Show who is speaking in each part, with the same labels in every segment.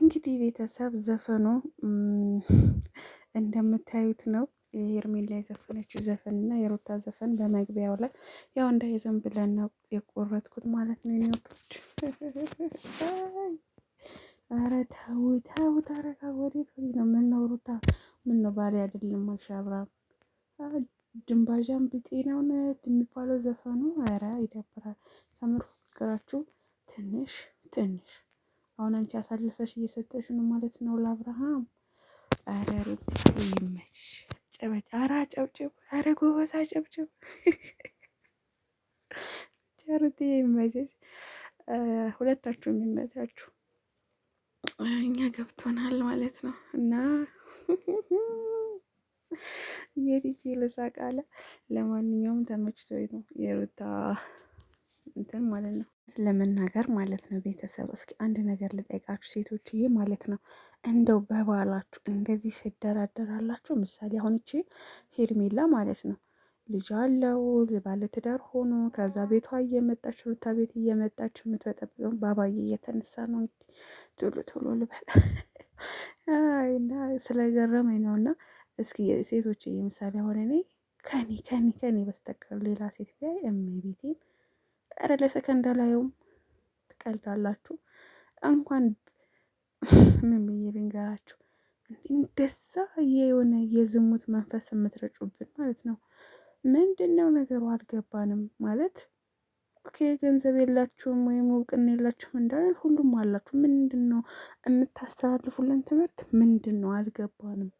Speaker 1: እንግዲህ ቤተሰብ ዘፈኑ እንደምታዩት ነው። የሄርሜላ የዘፈነችው ዘፈን እና የሩታ ዘፈን በመግቢያው ላይ ያው እንዳይዘን ብለን ነው የቆረጥኩት ማለት ነው። ኔቶች አረ ታው ታው ተረጋ ወዴት ነው? ምን ምነው ሩታ፣ ነው ባሌ አይደለም አልሻብራም ድንባዣንቢጤ ነው የሚባለው ዘፈኑ። ኧረ ይደብራል ተምር ፍቅራችሁ ትንሽ ትንሽ አሁን አንቺ አሳልፈሽ እየሰጠሽ ነው ማለት ነው ለአብርሃም። ኧረ ሩት ይመች ጨበጭ። ኧረ አጨብጭብ። ኧረ ጎበዝ አጨብጭብ። ሩት ይመችሽ። ሁለታችሁም ይመቻችሁ። እኛ ገብቶናል ማለት ነው እና የልጅ ልሳ ቃለ ለማንኛውም ተመችቶ ነው የሩታ እንትን ማለት ነው ለመናገር ማለት ነው። ቤተሰብ እስኪ አንድ ነገር ልጠይቃችሁ ሴቶችዬ ማለት ነው። እንደው በባላችሁ እንደዚህ ስደራደራላችሁ፣ ምሳሌ አሁን እቺ ሄርሜላ ማለት ነው ልጅ አለው ባለትዳር ሆኖ ከዛ ቤቷ እየመጣች ሩታ ቤት እየመጣች የምትበጠብጠው ባባዬ እየተነሳ ነው እንግዲህ ቶሎ ቶሎ ልበል ስለገረመኝ ነው እና እስኪ ሴቶች ምሳሌ አሁን እኔ ከኔ ከኔ ከኔ በስተቀር ሌላ ሴት ቢያይ እመቤቴን ኧረ ለሰከንድ ላይም ትቀልዳላችሁ። እንኳን ምን ብዬ ልንገራችሁ፣ እንደዛ የሆነ የዝሙት መንፈስ የምትረጩብን ማለት ነው። ምንድን ነው ነገሩ? አልገባንም ማለት ኦኬ፣ ገንዘብ የላችሁም ወይም እውቅና የላችሁም እንዳለን ሁሉም አላችሁ። ምንድን ነው የምታስተላልፉልን ትምህርት ምንድን ነው? አልገባንም።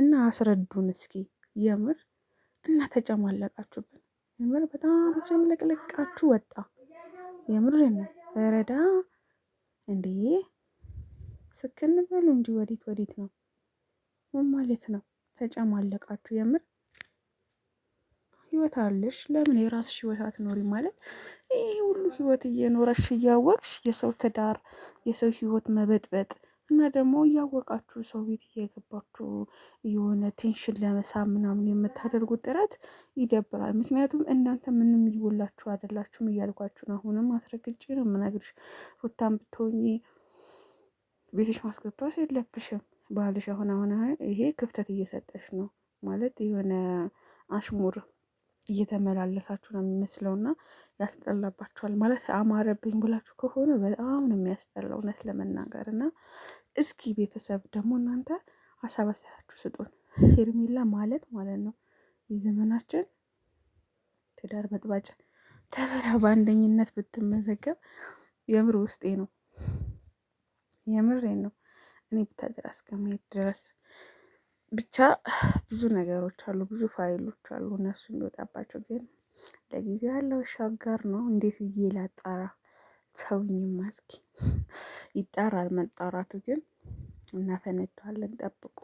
Speaker 1: እና አስረዱን እስኪ የምር እና ተጨማለቃችሁብን። የምር በጣም ጨምለቅልቃችሁ ወጣ። የምር ነው ረዳ እንዴ ስክን በሉ እንጂ ወዴት ወዴት ነው? ምን ማለት ነው? ተጨማለቃችሁ የምር ህይወት አለሽ። ለምን የራስሽ ህይወት አትኖሪ? ማለት ይህ ሁሉ ህይወት እየኖረሽ እያወቅሽ የሰው ትዳር የሰው ህይወት መበጥበጥ እና ደግሞ እያወቃችሁ ሰው ቤት እየገባችሁ የሆነ ቴንሽን ለመሳብ ምናምን የምታደርጉት ጥረት ይደብራል። ምክንያቱም እናንተ ምንም ይውላችሁ አይደላችሁም እያልኳችሁ ነው። አሁንም አስረግጬ ነው የምነግርሽ። ሩታን ብትሆኚ ቤትሽ ማስገባት የለብሽም። ባልሽ አሁን አሁን ይሄ ክፍተት እየሰጠሽ ነው ማለት የሆነ አሽሙር እየተመላለሳችሁ ነው የሚመስለው እና ያስጠላባችኋል። ማለት አማረብኝ ብላችሁ ከሆነ በጣም ነው የሚያስጠላው እውነት ለመናገር እና እስኪ ቤተሰብ ደግሞ እናንተ ሀሳብ አስተያየታችሁ ስጡን። ሄርሜላ ማለት ማለት ነው የዘመናችን ትዳር በጥባጭ ተበላ በአንደኝነት ብትመዘገብ የምር ውስጤ ነው የምሬ ነው እኔ ብታደር እስከመሄድ ድረስ ብቻ ብዙ ነገሮች አሉ፣ ብዙ ፋይሎች አሉ። እነሱ የሚወጣባቸው ግን ለጊዜው ያለው ሻጋር ነው። እንዴት ብዬ ላጣራ? ሰውኝማ እስኪ ይጣራል። መጣራቱ ግን እናፈነዳዋለን፣ ጠብቁ።